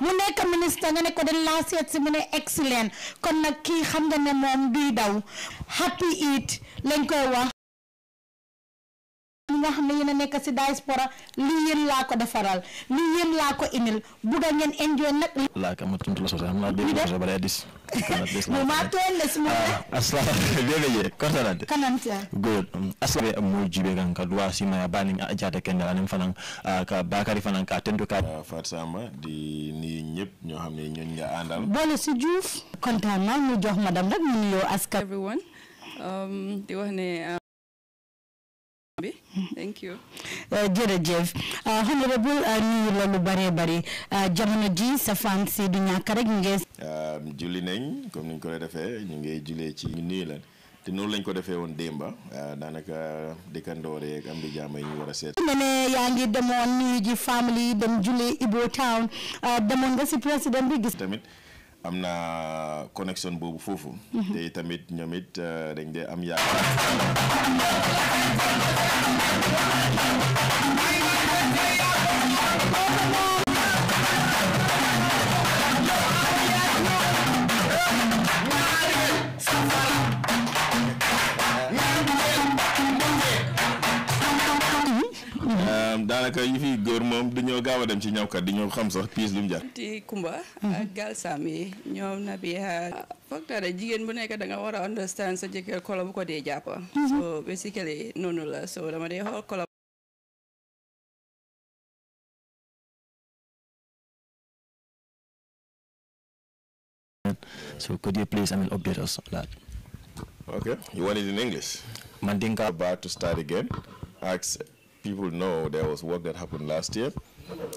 mu nekk ministre nga ne ko dañ si mu ne excellent kon nag kii xam nga daw happy eat lañ nga xamne yena nek ci diaspora li yeen la ko defaral li yeen la ko bu da ngeen enjoy la ka matum tuntu la sosay xam de ko sosay bare dis. mo ma toon les mo asla bebe ye kanan kananta good asla be mo jibe gan ka duwa sima ya bani a jada ken anen fanan ka bakari fanan ka tendu ka fatsama di ni ñep ño xamne ñon nga andal bolu ci juuf kontaan mu jox madam rek mu nuyo askar everyone um di wax ne Thank you. Eh, jërëjëf ah, honorable ah, nuyu la lu bare bare ah, jamono ji sa fan si du ñàkk rek ñu ngi. julli ni ko defee ñu ngi ci ñu nii la te noonu lañ ko defee woon démba daanaka dëkkandoo rek am di jàmm yi ñu war a seet. ne ne yaa ngi demoon nuyu ji family dem julli Ibo town demoon nga si président bi gis. tamit. Mhm. Eh, am connection connexion boobu foofu te tamit ñoom dañ am daanaka yi fi góor mom dañoo gawa dem ci ñawkat di ñoo xam sax piis lu mu jar ti kumba ak gal sami yi ñoom na bi foktare jigen bu nekk da nga wara understand sa jëkkër kola bu ko dé jàpp so basically nonu la so dama dee xool kola So could you please I mean update us on that? Okay. You want it in English? Mandinka. About to start again. Accept. people know there was work that happened last year,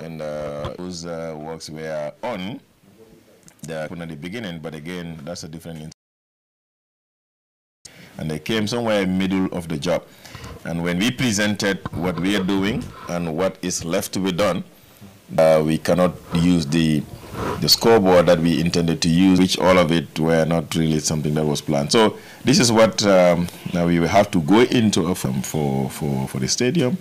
and uh, those uh, works were on. They at the beginning, but again, that's a different. And they came somewhere in middle of the job. And when we presented what we are doing and what is left to be done, uh, we cannot use the the scoreboard that we intended to use, which all of it were not really something that was planned. So this is what um, we have to go into for, for, for the stadium.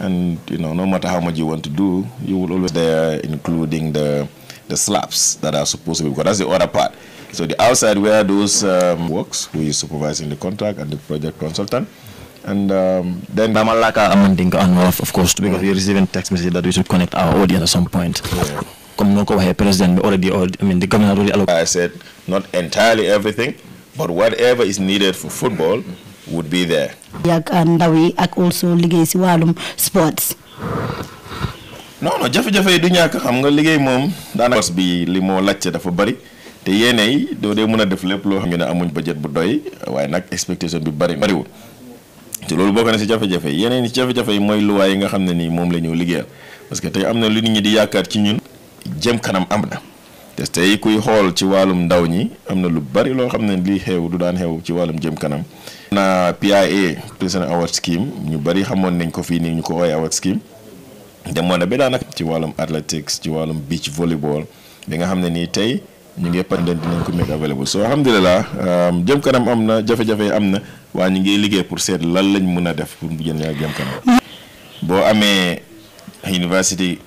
And, you know, no matter how much you want to do, you will always there, including the, the slabs that are supposed to be, because that's the other part. So the outside where those um, works, who is supervising the contract and the project consultant, and um, then Damalaka Amandinga and North, of course, because we're receiving text message that we should connect our audience at some point. Yeah. comme noko waxe president already i mean the governor already allocated. i said not entirely everything but whatever is needed for football would be there yak andawi uh, ak also liggey ci walum sports No, no. jafé jafé du ñak xam nga liggey mom da boss bi li mo laccé dafa bari té yéné yi do dé mëna def lépp lo xamné amuñ budget bu doy waye nak expectation bi bari bari wul té lolu bokk na ci jafé jafe yeneen ci jafé jafé moy luwa yi nga xamné ni mom lañu liggéeyal parce que tay amna lu nit ñi di yakkat ci ñun jëm kanam am na te tey kuy xool ci wàllum ndaw ñi am na lu bari loo xam ne lii xew du daan xew ci wàllum jëm kanam. na PIA President Award Scheme ñu bari xamoon nañ ko fii nii ñu ko ooy award scheme demoon na ba daanaka ci wàllum athletics ci wàllum beach volleyball bi nga xam ne nii tey ñu ngi pan leen dinañ ko make available so alhamdulilah um, jëm kanam am na jafe-jafe am na waa ñu ngi liggéey pour seet lan lañ mën a def pour mu jëm yaa jëm kanam boo amee university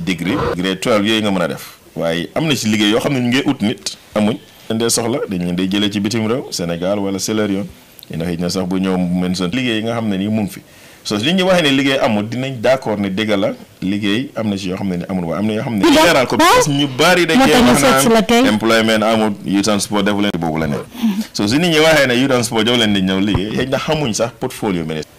degré gré 12 yooyu nga mën a def waaye am na ci liggéey yoo xam ne ñu ngi ut nit amuñ dañ soxla dañ leen day jëlee ci bitim réew Sénégal wala Sierra Leone ndax it na sax bu ñëw mën liggéey yi nga xam ne nii mu ngi fi so li ñu waxee ne dinañ d'accord ne dégg la liggéey am na ci yoo xam ne ni amul waaye am yoo xam ne général ko parce que ñu bari dañ cee wax naan transport defu leen boobu la nekk so su nit ñi waxee ne yu transport jox leen di ñëw liggéey xëy na xamuñ sax portfolio ministre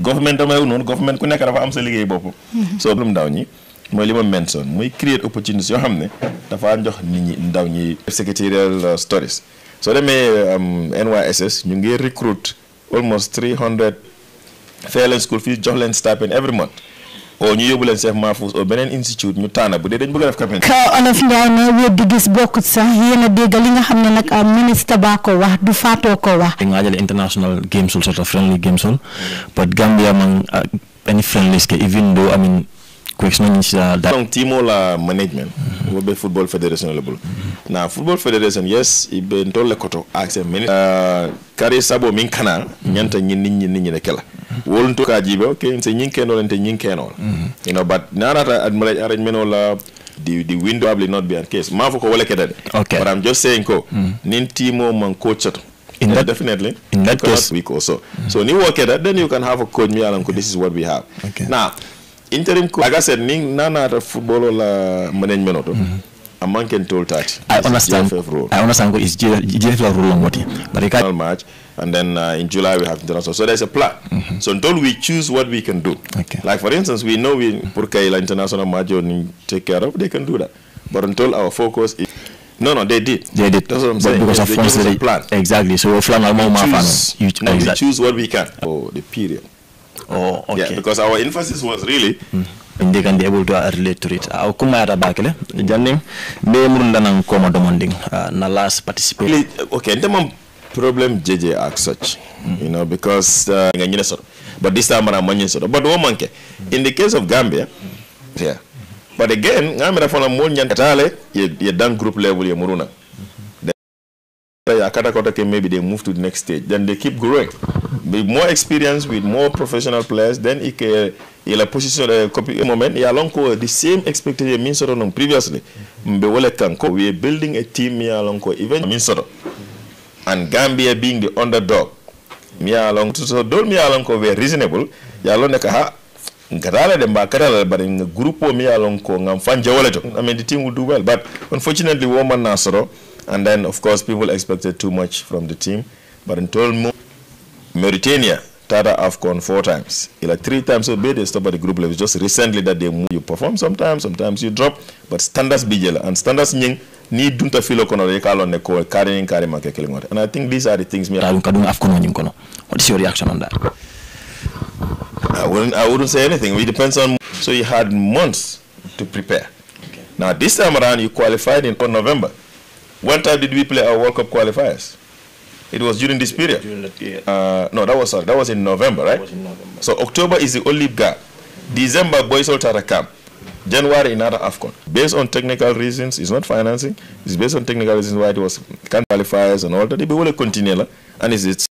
government damay noonu government ku nekk dafa am sa liggéey bopp mm-hmm. soo lum ndaw ñi mooy li ma mention muy créer opportunities yoo xam ne dafa jox nit ñi ndaw ñi secretarial uh, stories soo demee um, NYSS ñu ngi recruit almost three hundred fay leen school fees jox leen stipend every month o ñu yóbbu leen Seif Mahfouz o beneen institute ñu tànn bu dee dañ bëgg a def campagne. ka olof Ndiaye ne wéddi gis bokkut sax yéen a li nga xam ne nag uh, ministre baa ko wax du faatoo ko wax. dañ waajale international games sort of friendly games but Gambia man uh, any friendlies ke even though correctional nyinshi za da donc timo la management wo be football federation le bulu na football federation yes i be ntol le koto axe men uh, kare sabo min kana nyanta nyin nyin nyin nyin kala wol ntuka ka jibe ok se nyin keno non te nyin non you know but admire arrangement la the the window probably not be on case ma foko wala kedade okay but i'm just saying ko mm. nin timo man coach in that, definitely in that case week also. mm -hmm. so new work at that then you can have a code. me alan this is what we have okay now interim coach like i said ning nanata football la management oto mm -hmm. i understand. manking told that. I understand. Rule. I understand. what is the rule on what But it can't match. And then uh, in July we have international. So there's a plan. Mm -hmm. So until we choose what we can do. Okay. Like for instance, we know we like international match take care of. They can do that. But until our focus is. No, no, they did. They did. That's what I'm but saying. Because of France, they, plan. Exactly. So we're plan. You, choose, you, exactly. we choose what we can for the period. Oh, okay. Yeah, because our emphasis was really mm. they can be able to relate to it. Au ah, kuma yata bakile, jani be murunda nang koma domanding ah, na last participate. Really, okay, ndema problem JJ ak such, mm. you know, because ah, ngangine uh, sort. But this time around manye sort. But wo manke, in the case of Gambia, yeah. But again, ngamira fona mo nyan katale, ye, dan group level ye muruna. Katakota came, maybe they move to the next stage. Then they keep growing. With more experience, with more professional players, then it can, il uh, a positionné copy moment et alors que the same expectation min sort on previously mbe wala kanko we building a team mi along ko even min sort and Gambia being the underdog mi along so dol mi along ko we reasonable ya lo ne ka ha ngatala de mbakara la bari group mi along ko ngam fanje wala to i mean the team will do well but unfortunately woman na soro And then, of course, people expected too much from the team. But in total, Mauritania, Tata AFCON four times. Like three times be they stop at the group level. It's just recently that they move. You perform sometimes, sometimes you drop. But standards bijela and standards nying ni dunta filo kono rekalo kalo ne ko carrying And I think these are the things me. Tadun kadun AFCON wanyim kono. What is your reaction on that? I wouldn't, I wouldn't say anything. It depends on. So you had months to prepare. Okay. Now this time around, you qualified in November. When time did we play our World Cup qualifiers? It was during this period. During that period. Uh, no, that was sorry, that was in November, right? Was in November. So October is the only gap. December boys all Tata camp. January another AFCON. Based on technical reasons, it's not financing. It's based on technical reasons why it was can qualifiers and all that. It will continue and it's, it?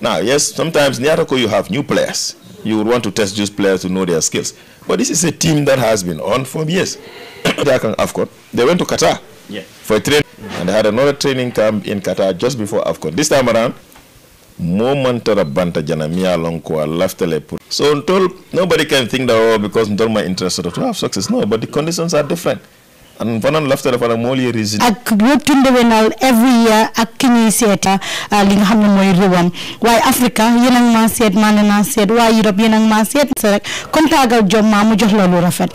now yes sometimes in Niatako you have new players. You would want to test these players to know their skills. But this is a team that has been on for years. they AFCON. They went to Qatar. Yeah. For training. And they had another training camp in Qatar just before AFCON. This time around, momentara banta jana mia lonko laftele put. So until nobody can think that oh because until my interest to have success. No, but the conditions are different. and fanan laftere fana mool ye résid ak rottunde wenal every year ak kiñuy seeta ah, ah, li nga xam ne mooy réewam waaye Africa yéen ak maa seet maa ne naa seet waaye Europe yéen ak maa seet comme taagal jom mu jox la lu rafet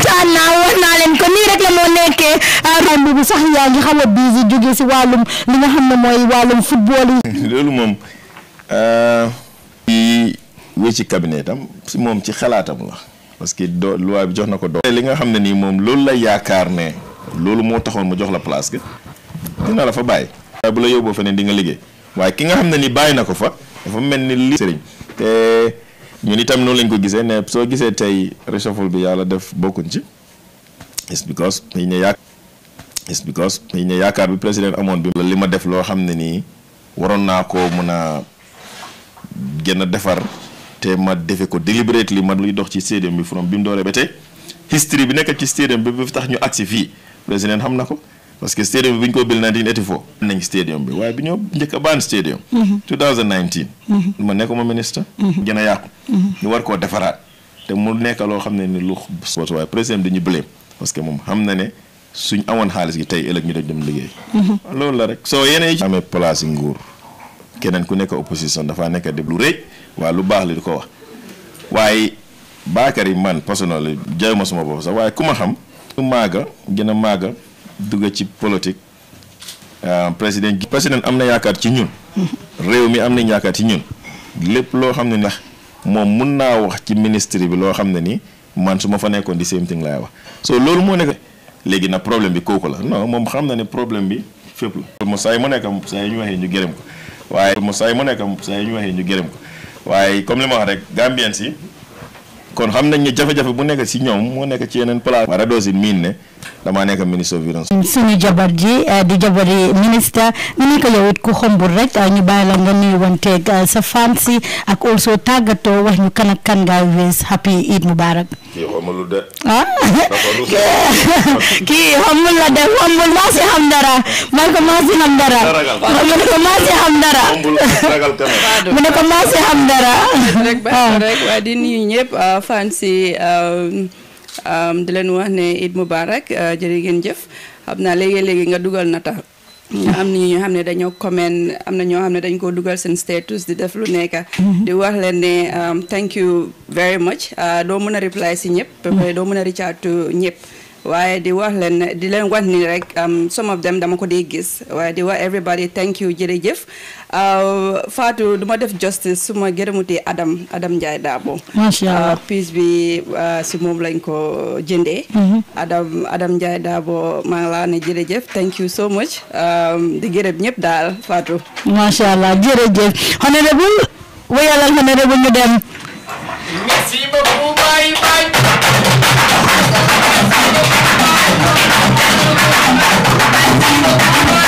waxtaan naa wax naa leen ko nii rek la moo nekkee ah, romb bi sax yaa ngi xaw a busy jóge si wàllum li nga xam ne mooy wàllum football yi. loolu ah, ci wécci cabinet si moom ci xalaatam parce que do jox na ko do li nga xam ne nii moom loolu la yaakaar ne loolu moo taxoon mu jox la place ga dina la fa bàyyi. Ah, bu la yóbboo feneen di nga liggéey waaye ki nga xam ne ni bàyyi na ko fa dafa mel ni li sëriñ te. ni itam noonu lañ ko gisee ne soo gisee tey reshuffle bi yàlla def bokkuñ ci it's because dañ ne yaakaar it's because dañ ne yaakaar bi président amoon bi li ma def loo xam ne nii waroon naa ko mën a genn a defar te ma defe ko deliberately man luy dox ci stadium bi from bi mu dooree ba tey history bi nekk ci stadium bi ba tax ñu agsi fii président xam na ko parce que stadium bi bu ñu ko build 1984 nañ stadium bi waaye bi ñoo njëkk a baan stadium 2019 mhm. mhm. ma nekkuma ministre mhm. gën yàqu ñu war koo defaraat te mu nekk loo xam ne ni lu sport parce que moom xam na ne amoon xaalis gi tey ëllëg ñu dañ dem liggéey loolu la rek soo yeneen yi amee place nguur keneen ku nekk opposition dafaa nekk di lu rëy waaye lu baax li di ko wax waaye Bakary man personnel jayuma suma bopp sax waaye ku ma xam maaga gën a maaga dugg ci politique euh, président président am na yaakaar ci ñun réew mi am nañ yaakaar ci ñun lépp loo xam ne ndax moom mun naa wax ci ministre bi loo xam ne nii man su ma fa nekkoon di same thing laay wax so loolu moo nekk léegi nag problème bi kooku la non moom xam na ne problème bi fépp la mo mu nekk saa yi ñu waxee ñu gërëm ko waaye mo saa yi mu nekk saa yi ñu waxee ñu gërëm ko waaye comme li ma wax rek Gambien si kon xam nañ ne jafe-jafe bu nekk si ñoom moo nekk ci yeneen place. waaye does it mean ne dama nek ministre violence sunu jabar ji eh, di jabari ministre eh, ni nek yow it ku xombul rek ñu bàyyi nga nuyu wanteeg eh, sa fancy ak also tagato wax ñu kan ak kan ngaa wees happy eid mubarak ki xamul de ah kii xamul la de xamul ma ci xam dara ma ko ma ci xam dara ma ko ma ci xam dara mu ne ko ma ci xam dara rek ba rek wa di nuyu ñëpp fansi di leen wax ne Eid Mubarak euh, jërë ngeen jëf xam naa léegi-léegi nga dugal nata mm-hmm. am na ñoo xam ne dañoo comment am na ñoo xam ne dañ ko dugal seen status di def lu nekk. Mm-hmm. di wax leen ne thank you very much euh, doo mën a reply si ñëpp. Mm-hmm. doo mën a reach out to ñëpp. waaye di wax leen di leen wax ni rek um, some of them dama ko dee gis waaye di wax everybody thank you jërëjëf uh, Fatou du ma def justice su ma gërëmutee Adam Adam Ndiaye Dabo. macha allah uh, bi uh, si moom lañ ko jëndee. Mm-hmm. Adam Adam Dabo maa ngi laa ne jërëjëf thank you so much um, di gërëm ñëpp daal Fatou. macha allah jërëjëf honorable wéyalal honorable ñu dem. Thank you.